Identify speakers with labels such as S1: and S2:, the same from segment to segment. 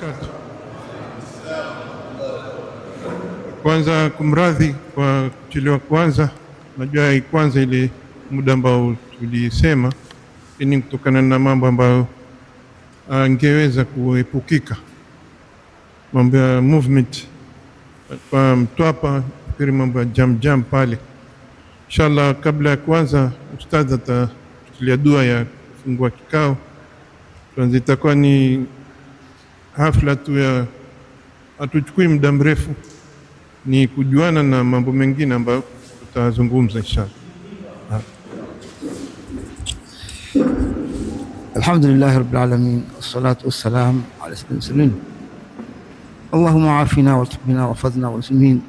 S1: wabarakatu. Kwanza kumradhi kwa kuchelewa kwanza, najua kwanza ile muda ambao tulisema, lakini kutokana na mambo ambayo angeweza kuepukika, mambo ya movement kwa Mtwapa, fikiri mambo ya jam jam pale. Inshallah, kabla ya kwanza ustadhi atatulia dua ya kufungua kikao, itakuwa ni hafla tu ya hatuchukui muda mrefu, ni kujuana na mambo mengine ambayo tutazungumza inshallah.
S2: Alhamdulillahi rabbil alamin wassalatu wassalam ala sayyidil mursalin Allahumma afina warhamna wahfazna warhamna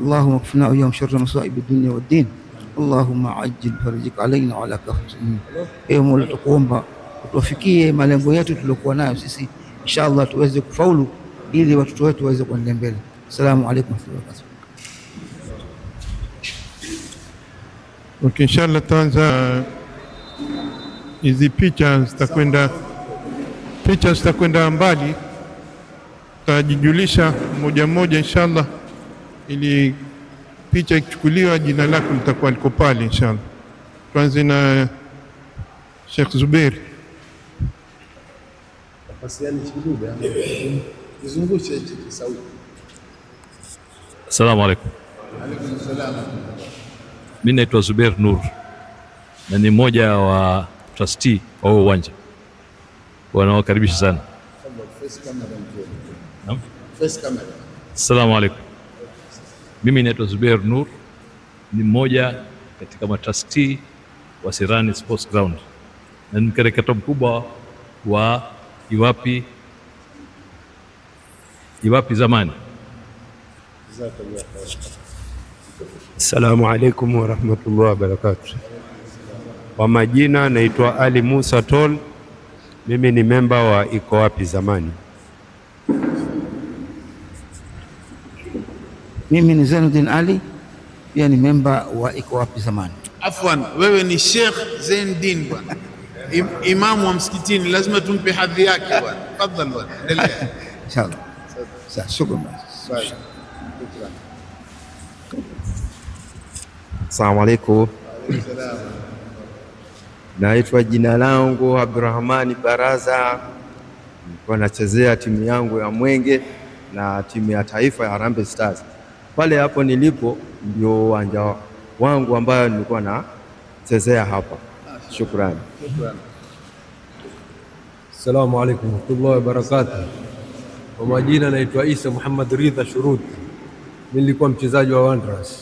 S2: Allahumma kfina wa sharra masaibi dunya wa din Allahumma ajil farijik alaina wa ala kafirin. Ewe Mola, tukuomba utuwafikie malengo yetu tuliokuwa nayo sisi insha Allah tuweze kufaulu ili watoto wetu waweze kuendelea mbele. Assalamu alaykum wa wabarakatuh.
S1: Okay, insha Allah tuanza uh, hizi picha zitakwenda picha zitakwenda mbali, tutajijulisha moja moja insha Allah, ili picha ikichukuliwa jina lako litakuwa liko pale insha Allah. Tuanze na Sheikh Zubair. Wasiliani Chidude
S3: izungushe hichi kisauti. Assalamu alaikum.
S4: Alaikum salaam.
S3: Mimi naitwa Zubair Nur na ni mmoja wa trustee wa huo uwanja wanaokaribisha sana. Assalamu alaikum. Mimi naitwa Zubair Nur ni mmoja katika matrustee wa Sirani Sports Ground na ni mkereketo mkubwa wa iwapi? Iwapi zamani?
S5: Assalamu alaikum warahmatullahi wabarakatuh. Kwa majina naitwa Ali Musa Tol, mimi ni memba wa Iko Wapi Zamani.
S2: Mimi ni Zainuddin Ali, pia ni memba wa Iko Wapi Zamani.
S6: Afwan, wewe ni Sheikh Zainuddin bwana Im, imamu wa msikitini lazima tumpe hadhi yake bwana. Tafadhali bwana, endelea
S2: inshallah. Sasa shukran.
S7: Asalamu alaykum. Naitwa jina langu Abdurahmani Baraza, nilikuwa nachezea timu yangu ya Mwenge na timu ya taifa ya Harambee Stars. Pale hapo nilipo ndio uwanja wangu ambayo nilikuwa nachezea hapa shukran
S8: Assalamu alaikum warahmatullahi wabarakatuh. Kwa majina naitwa Isa Muhammad Ridha Shuruti. Nilikuwa mchezaji wa Wanderers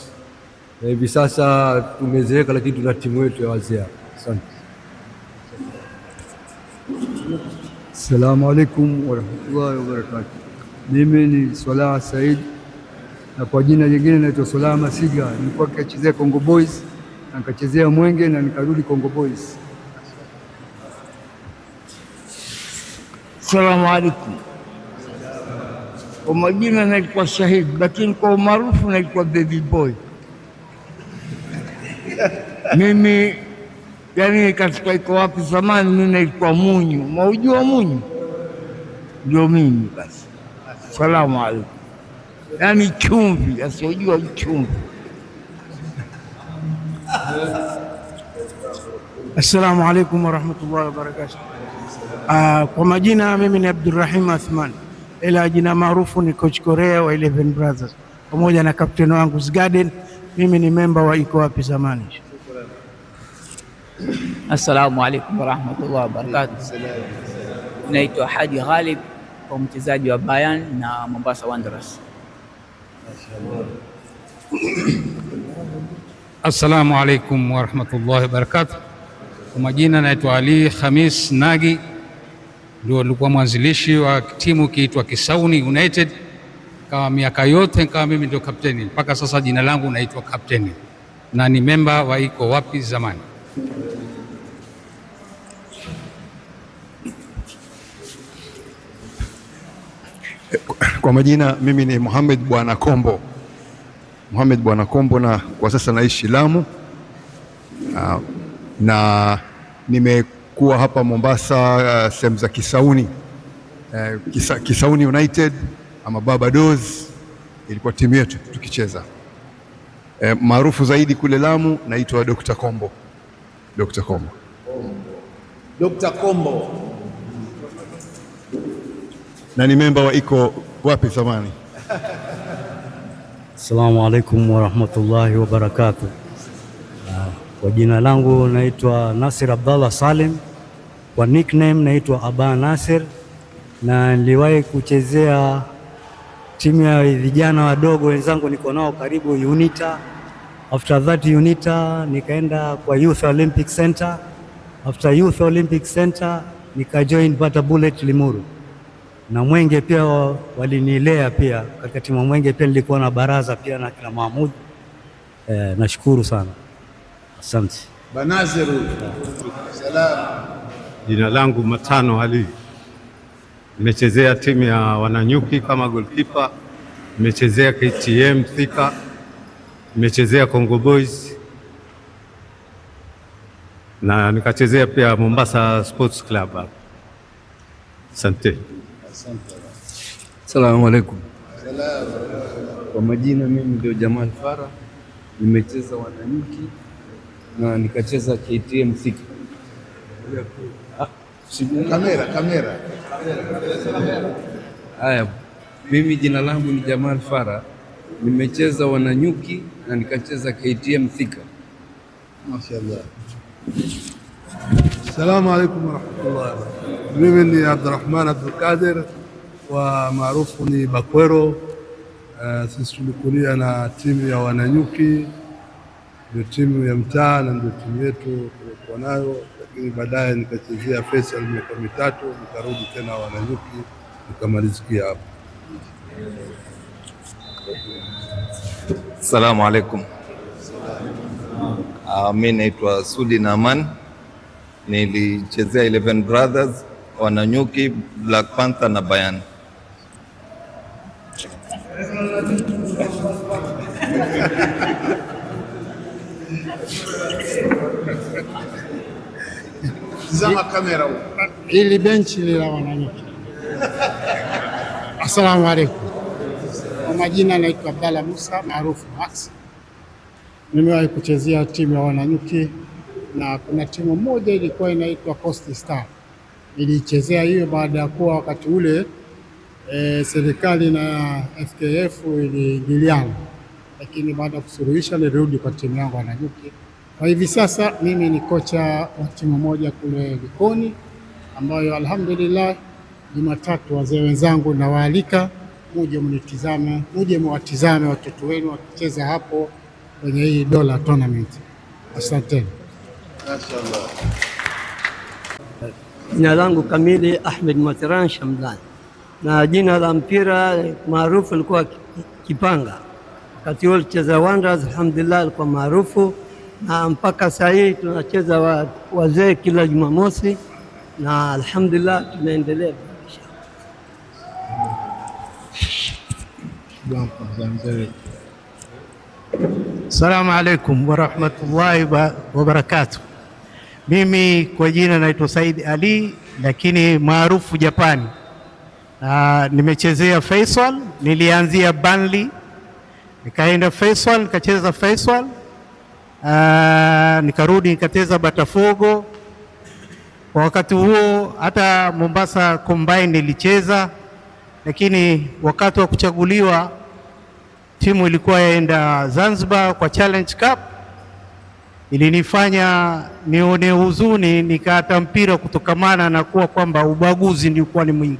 S8: na hivi sasa tumezeeka, lakini tuna timu yetu ya wazee. Asante.
S9: Assalamu alaikum warahmatullahi wabarakatu Mimi ni Swalaha Said na kwa jina lingine naitwa Swalaha Masiga, nilikuwa nikichezea Congo Boys nikachezea Mwenge na nikarudi Congo Boys.
S10: Salamu alaikum. Kwa majina nalikuwa Shahidi, lakini kwa umaarufu naitwa Baby Boy. Mimi yani katika iko wapi zamani, mimi naitwa Munyu. Maujua Munyu ndio mimi basi. Salamu alaikum. Yani chumvi, asiojua chumvi
S11: Assalamu alaikum warahmatullahi wabarakatu Uh, ah, kwa majina mimi ni Abdurrahim Athman, ila jina maarufu ni Coach Korea wa Eleven Brothers, pamoja na captain wangu Zgarden. Mimi ni memba wa iko wapi zamani.
S12: Assalamu alaikum warahmatullahi wabarakatu Naitwa Haji Ghalib kwa mchezaji wa Bayan na Mombasa Wanderers.
S13: Assalamu alaikum warahmatullahi wabarakatuh. Kwa majina naitwa Ali Khamis Nagi, ndio nilikuwa mwanzilishi wa timu kiitwa Kisauni United. Kama miaka yote kama mimi ndio kapteni mpaka sasa, jina langu naitwa kapteni na ni memba wa iko wapi zamani.
S14: Kwa majina mimi ni Mohamed Bwana Kombo. Mohamed Bwana Kombo na kwa sasa naishi Lamu na, ah, na nimekuwa hapa Mombasa uh, sehemu za Kisauni uh, Kisa, Kisauni United ama Barbados ilikuwa timu yetu tukicheza uh, maarufu zaidi kule Lamu. Naitwa Dr. Kombo. Dr. Kombo.
S15: Dr. Kombo
S14: na ni memba wa iko wapi zamani
S16: Assalamu alaikum warahmatullahi wabarakatuh. Ah, kwa jina langu naitwa Nasir Abdallah Salim, kwa nickname naitwa Aba Nasir, na niliwahi kuchezea timu ya vijana wadogo wenzangu niko nao karibu UNITA. After that UNITA nikaenda kwa Youth Olympic Center. After Youth Olympic Center nika join Bata Bullet Limuru na Mwenge pia walinilea pia, katika timu ya Mwenge pia nilikuwa na baraza pia na kina Mahmud. Eh, nashukuru sana, asante
S17: Banaziru. Salam,
S18: jina langu Matano Ali, nimechezea timu ya Wananyuki kama goalkeeper, nimechezea KTM Thika, nimechezea Congo Boys na nikachezea pia Mombasa Sports Club. Asante.
S19: Salamu alaikum. Kwa majina mimi ndio Jamal Fara, nimecheza wananchi na nikacheza KTM siki.
S20: Kamera, kamera.
S19: Haya, mimi jina langu ni Jamal Fara, nimecheza wananyuki na nikacheza KTM Thika.
S20: Mashaallah.
S21: Asalamu alaykum wa rahmatullahi wa barakatuh. Mimi ni Abdurahman Abdulkadir wa maarufu ni Bakwero. Uh, sisi tulikulia na timu ya Wananyuki, ndio timu ya mtaa na ndio timu yetu tulikuwa nayo, lakini baadaye nikachezea Faisal miaka mitatu, nikarudi tena Wananyuki nikamalizikia hapo.
S22: Assalamu alaikum. Uh, mi naitwa Sudi Naman, nilichezea 11 Brothers Wananyuki, Black Panther na Bayan.
S23: Zama kamera.
S24: Ili benchi ni la wananyuki.
S25: Asalamu alaikum, Kwa majina naitwa Abdalla Musa maarufu Max. Nimewahi kuchezea timu ya wananyuki na kuna timu moja ilikuwa inaitwa Coast Star ilichezea hiyo baada ya kuwa wakati ule e, serikali na FKF iliingiliana, lakini baada ya kusuluhisha nilirudi kwa timu yangu Wananyuki. Kwa hivi sasa mimi ni kocha wa timu moja kule Likoni, ambayo alhamdulillah Jumatatu wazee wenzangu nawaalika muje mnitizame, muje mwatizame watoto wenu wakicheza hapo kwenye hii dola tournament. Asanteni.
S26: Jina langu kamili Ahmed Matiran Shamdani, na jina la mpira maarufu alikuwa Kipanga. Wakati huo alicheza Wanderers, alhamdulillah alikuwa maarufu, na mpaka saa hii tunacheza wazee wa kila Jumamosi, na alhamdulillah tunaendelea.
S27: Assalamu alaikum warahmatullahi wabarakatuh. Mimi kwa jina naitwa Said Ali lakini maarufu Japani. Na nimechezea Faisal, nilianzia Burnley nikaenda Faisal nikacheza Faisal, nikarudi nikacheza Botafogo. Kwa wakati huo hata Mombasa Combine nilicheza, lakini wakati wa kuchaguliwa timu ilikuwa yaenda Zanzibar kwa Challenge Cup ilinifanya nione huzuni, nikaata mpira kutokamana na kuwa kwamba ubaguzi ndiokuwa ni mwingi.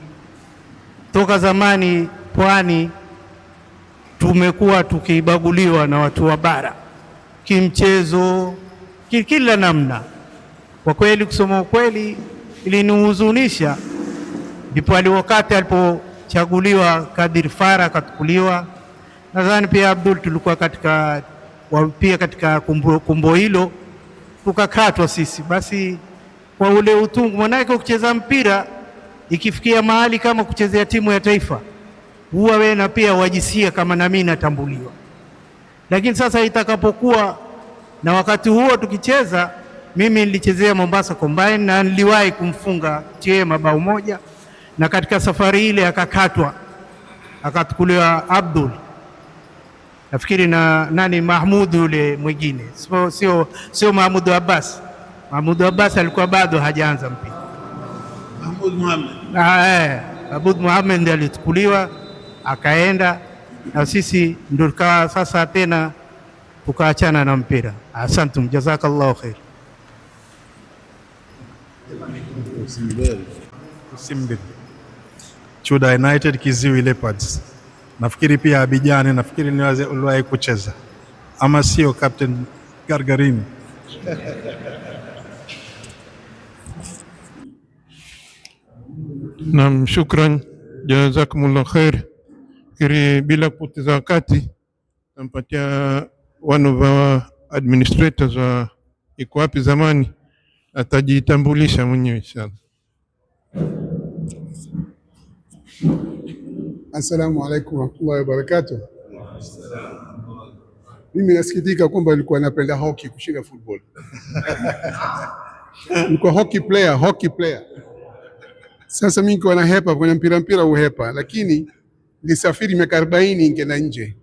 S27: Toka zamani Pwani tumekuwa tukibaguliwa na watu wa bara kimchezo, kila namna. Kwa kweli, kusema ukweli, ilinihuzunisha. Ndipo ali wakati alipochaguliwa Kadir Fara akachukuliwa, nadhani pia Abdul tulikuwa katika pia katika kumbo, kumbo hilo tukakatwa sisi, basi kwa ule utungu, manake ukicheza mpira ikifikia mahali kama kuchezea timu ya taifa huwa wewe na pia wajisia kama nami natambuliwa, lakini sasa itakapokuwa na wakati huo tukicheza, mimi nilichezea Mombasa Combine na niliwahi kumfunga Chema mabao moja, na katika safari ile akakatwa, akachukuliwa Abdul nafikiri na nani Mahmud yule mwingine, sio sio sio Mahmud Abbas. Mahmud Abbas alikuwa bado hajaanza mpira.
S28: Mahmud Muhammad,
S27: ah, eh, Mahmud Muhammad ndiye alichukuliwa akaenda, na sisi ndio tukawa sasa tena tukaachana na mpira. Asantum, jazakallahu khair.
S29: Simbe Chuda United Kiziwi Leopards nafikiri pia Abijani, nafikiri uliwahi kucheza ama sio, Captain gargarin
S30: Naam, shukran, jazakumullah khair. Fikiri bila kupoteza wakati nampatia one of our administrators wa iko wapi zamani, atajitambulisha mwenyewe inshallah.
S31: Assalamu alaikum warahmatullahi wabarakatuh. Mimi nasikitika kwamba nilikuwa napenda hockey kushinda football. Nilikuwa hockey player, hockey player. Sasa mimi niko na hepa kwenye mpira mpira uhepa, lakini nilisafiri miaka 40 ningeenda nje.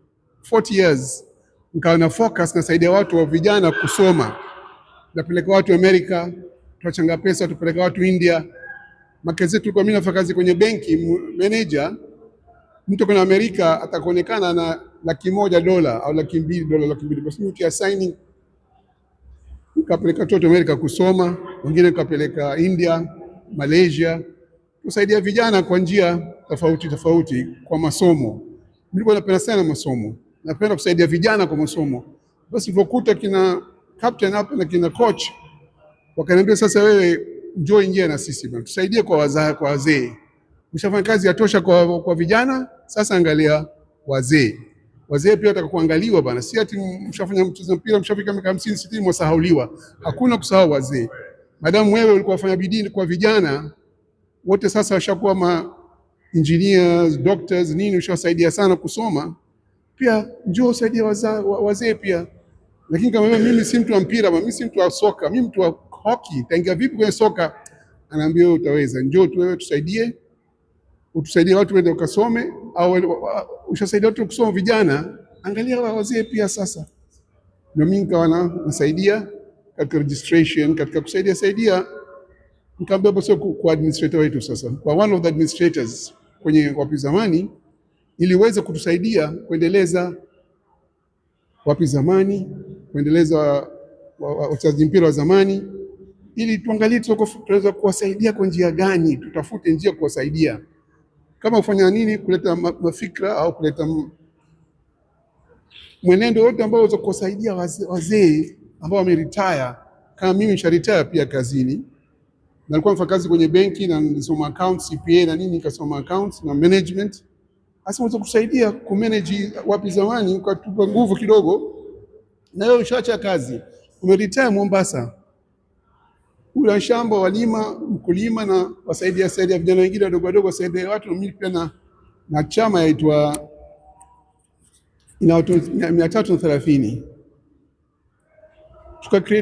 S31: 40 years nikawa na focus na saidia watu wa vijana kusoma. Napeleka watu Amerika, tuachanga pesa tupeleka watu India. Makazi yetu kwa mimi nafanya kazi kwenye benki manager mtu kwenye Amerika atakuonekana na laki moja dola au laki mbili dola, laki mbili kwa sababu ya signing kapeleka toto Amerika kusoma, wengine ukapeleka India, Malaysia, kusaidia vijana kwa njia tofauti tofauti kwa masomo. Nilikuwa napenda sana masomo, napenda kusaidia vijana kwa masomo. Basi vokuta kina captain hapa na kina coach, wakaniambia sasa, wewe njoo ingia na sisi bwana, tusaidie kwa wazee kwa wazee Ushafanya kazi ya tosha kwa, kwa vijana, sasa angalia wazee. Wazee pia wataka kuangaliwa bana, si ati mshafanya mchezo mpira mshafika miaka 50 60 mwasahauliwa. Hakuna kusahau wazee, madamu wewe ulikuwa wafanya bidii kwa vijana wote, sasa washakuwa ma engineers, doctors nini, ushawasaidia sana kusoma. Pia njoo usaidie wazee waze pia. Lakini kama mimi si mtu wa mpira, mimi si mtu wa soka, mimi mtu wa hockey, taingia vipi kwenye soka? Anaambia wewe utaweza, njoo tu wewe tusaidie utusaidie watu wende ukasome, au ushasaidia watu kusoma vijana, angalia wa wazee pia. Sasa ndio mimi nikawa nasaidia katika registration, katika kusaidia saidia, nikaambia hapo sio kwa administrator wetu, sasa kwa one of the administrators kwenye Wapi Zamani, ili uweze kutusaidia kuendeleza Wapi Zamani, kuendeleza wachezaji mpira wa zamani, ili tuangalie tunaweza kuwasaidia kwa njia gani, tutafute njia kuwasaidia kama kufanya nini, kuleta mafikra au kuleta mwenendo wote ambao unaweza kuwasaidia wazee ambao wameritaya Kama mimi nisharetire pia kazini, nalikuwa nafanya kazi kwenye benki na nilisoma accounts CPA na nini, nikasoma accounts na management. Hasa unaweza kusaidia ku manage wapi, zamani ukatupa nguvu kidogo, na leo ushaacha kazi umeretire Mombasa ula shamba walima mkulima na wasaidia saidia vijana wengine wadogo wadogo wasaidia watu mimi pia na, na chama yaitwa ina watu mia tatu na thelathini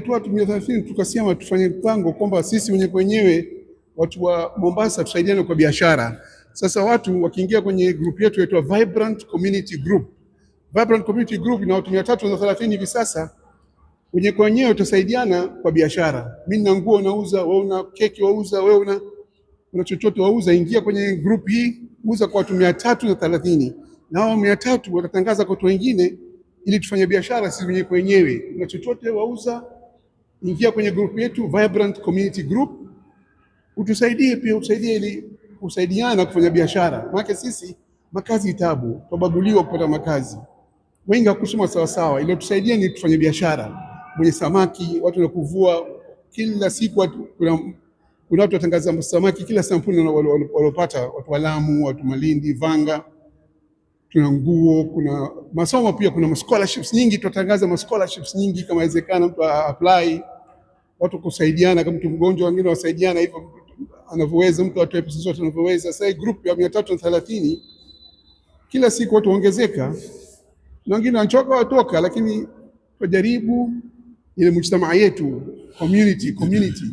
S31: watu mia thelathini tukasema tufanye mpango kwamba sisi wenyewe watu wa Mombasa tusaidiane kwa biashara. Sasa watu wakiingia kwenye group yetu yaitwa Vibrant Community Group. Vibrant Community Group ina watu mia tatu na thelathini hivi sasa kwenye kwa wenyewe utasaidiana kwa biashara. Mimi na nguo nauza, wewe una keki wauza, wewe una una chochote wauza, ingia kwenye group hii, uza kwa watu mia tatu na thelathini na hao mia tatu watatangaza kwa watu wengine, ili tufanye biashara sisi wenyewe kwa wenyewe. Una chochote wauza, ingia kwenye group yetu Vibrant Community Group, utusaidie pia, utusaidie ili kusaidiana kufanya biashara, maana sisi makazi tabu, tubaguliwa kupata makazi, wengi hakusoma sawasawa, ili tusaidie ni tufanye biashara mwenye samaki, watu wanakuvua kila siku. watu, Kuna kuna watu watangaza samaki kila sampuli waliopata, watu wa Lamu, watu Malindi, Vanga. Tuna nguo, kuna masomo pia, kuna scholarships nyingi, tunatangaza scholarships nyingi, kama inawezekana mtu apply, watu kusaidiana, kama mtu mgonjwa, wengine wasaidiana hivyo anavyoweza mtu atoe pesa zote anavyoweza. Sasa group ya mia tatu na thelathini kila siku watu waongezeka, na wengine wanachoka watoka, lakini tujaribu ile mujtamaa yetu community community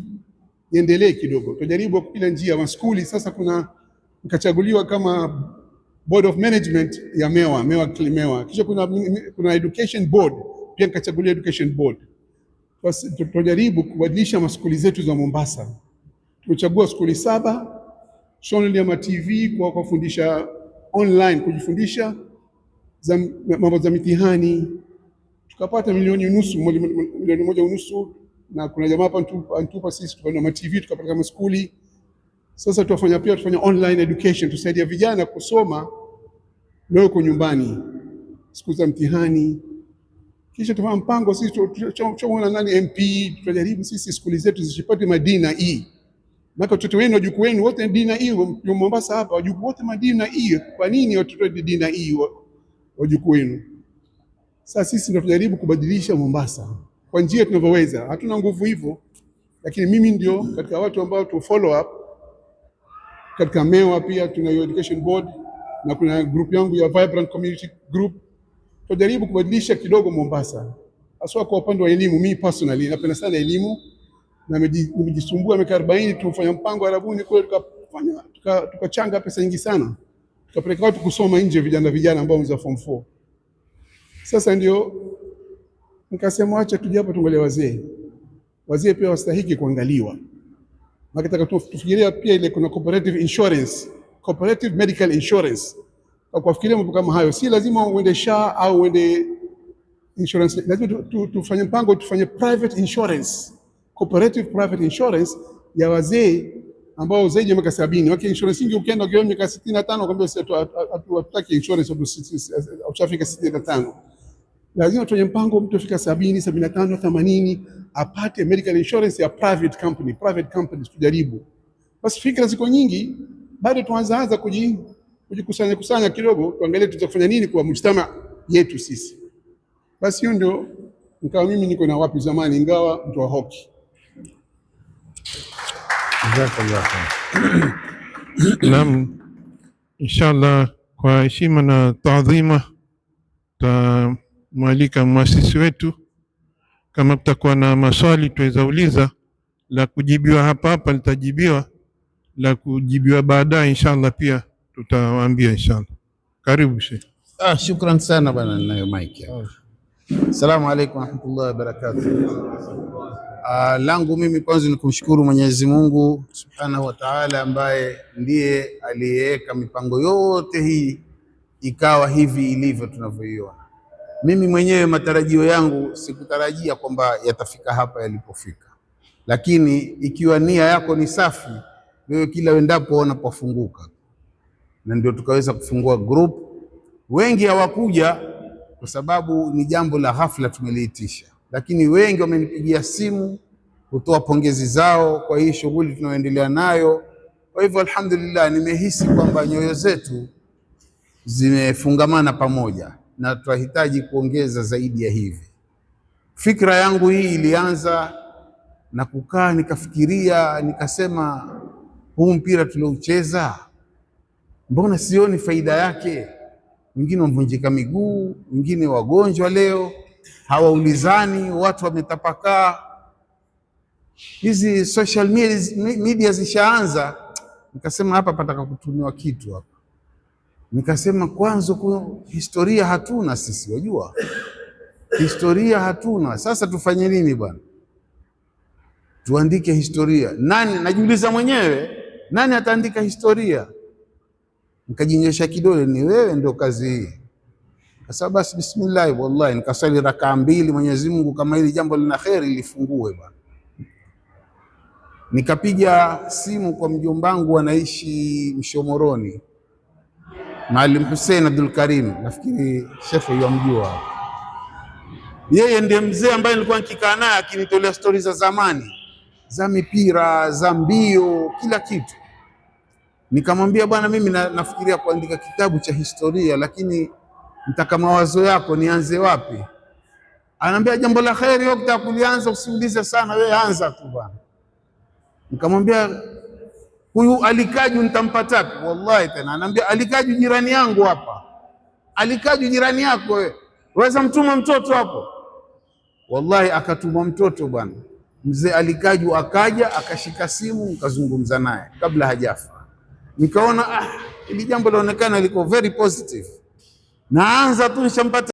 S31: iendelee kidogo, tujaribu kupita njia maskuli. Sasa kuna mkachaguliwa kama board of management ya Mewa, Mewa Mewa, kisha kuna, kuna education board pia nikachaguliwa education board. tujaribu kubadilisha maskuli zetu za Mombasa. Tumechagua skuli saba Shoneli ya matv kwa kufundisha online, kujifundisha mambo za mitihani tukapata milioni nusu, milioni moja unusu, na kuna jamaa hapa antupa sisi, tukanunua ma TV tukapata kama skuli. Sasa tuwafanya pia tufanya online education, tusaidia vijana kusoma leo kwa nyumbani siku za mtihani. Kisha tufanya mpango sisi tuchomwe na nani MP, tutajaribu sisi skuli zetu zishipate madina hii e. maka watoto wenu wajuku wenu wote dina hii e, Mombasa hapa wajuku wote madina hii. E. Kwa nini watoto dina hii wajuku wenu? Sasa sisi ndio tunajaribu kubadilisha Mombasa kwa njia tunavyoweza. Hatuna nguvu hivyo, lakini mimi ndio katika watu ambao tu follow up katika Mewa, pia tuna education board na kuna group yangu ya Vibrant Community Group. Tunajaribu kubadilisha kidogo Mombasa, haswa kwa upande wa elimu. Mimi personally napenda sana elimu na nimejisumbua miaka 40 tumfanya mpango wa Arabuni kule, tukafanya tukachanga tuka pesa nyingi sana, tukapeleka watu kusoma nje, vijana vijana ambao ni form 4 sasa ndio nikasema acha tuje hapa tuangalie wazee. Wazee pia wastahiki kuangaliwa. Nataka tufikiria pia ile kuna cooperative insurance, cooperative medical insurance. Kwa kufikiria mambo kama hayo, si lazima uende SHA au uende insurance. Lazima tufanye mpango, tufanye private insurance, cooperative private insurance ya wazee ambao zaidi ya miaka sabini wake insurance nyingi. Ukienda ukiona miaka sitini na tano kwambia hatutaki insurance au utafika sitini na tano lazima tuwe mpango mtu afika sabini, sabini na tano, themanini apate medical insurance ya private company. Private companies tujaribu basi, fikra ziko nyingi bado, tuanzaanza kujikusanya kusanya kidogo, tuangalie tuweza kufanya nini kwa mujtama yetu sisi. Basi hiyo ndio nikawa mimi niko na wapi zamani, ingawa mtu wa hoki
S30: Naam, inshallah kwa heshima na taadhima ta mwalika mwasisi wetu, kama kutakuwa na maswali tuweza uliza, la kujibiwa hapa hapa litajibiwa, la kujibiwa baadaye inshallah, pia tutawaambia inshallah. Karibu Sheikh.
S31: Ah, shukran sana bwana, ninayo mic. Asalamu alaykum warahmatullahi wabarakatuh. Ah, langu mimi kwanza ni kumshukuru Mwenyezi Mungu Subhanahu wa Ta'ala ambaye ndiye aliyeweka mipango yote hii ikawa hivi ilivyo tunavyoiona mimi mwenyewe matarajio yangu sikutarajia kwamba yatafika hapa yalipofika, lakini ikiwa nia yako ni safi, wewe kila wendapo wanapofunguka, na ndio tukaweza kufungua group. Wengi hawakuja kwa sababu ni jambo la ghafla tumeliitisha, lakini wengi wamenipigia simu kutoa pongezi zao kwa hii shughuli tunayoendelea nayo. Kwa hivyo alhamdulillah, nimehisi kwamba nyoyo zetu zimefungamana pamoja na tutahitaji kuongeza zaidi ya hivi. Fikra yangu hii ilianza na kukaa nikafikiria, nikasema huu mpira tuloucheza, mbona sioni faida yake? Wengine wamvunjika miguu, wengine wagonjwa, leo hawaulizani, watu wametapakaa. Hizi social media zishaanza, nikasema hapa pataka kutumiwa kitu hapa Nikasema kwanza, historia hatuna sisi, wajua historia hatuna. Sasa tufanye nini bwana? Tuandike historia nani? Najiuliza mwenyewe, nani ataandika historia? Nikajinyesha kidole, ni wewe, ndio kazi hii. Sasa basi, bismillah, wallahi nikasali rakaa mbili. Mwenyezi Mungu, kama hili jambo lina kheri lifungue bwana. Nikapiga simu kwa mjombangu, anaishi Mshomoroni Maalim Hussein Abdul Karim, nafikiri shekhe yamjua. Yeye ndiye mzee ambaye nilikuwa nikikaa naye akinitolea stori za zamani za mipira za mbio kila kitu. Nikamwambia bwana, mimi na, nafikiria kuandika kitabu cha historia, lakini nitaka mawazo yako, nianze wapi? Anaambia jambo la kheri, wewe ukitaka kulianza usiulize sana, wewe anza tu bwana. Nikamwambia huyu alikaju ntampa wapi? Wallahi tena anaambia alikaju jirani yangu hapa, alikaju jirani yako wewe, waweza mtuma mtoto hapo. Wallahi akatuma mtoto bwana, mzee alikaju akaja, akashika simu, nikazungumza naye kabla hajafa. Nikaona ah, ili jambo laonekana liko very positive, naanza tu nishampata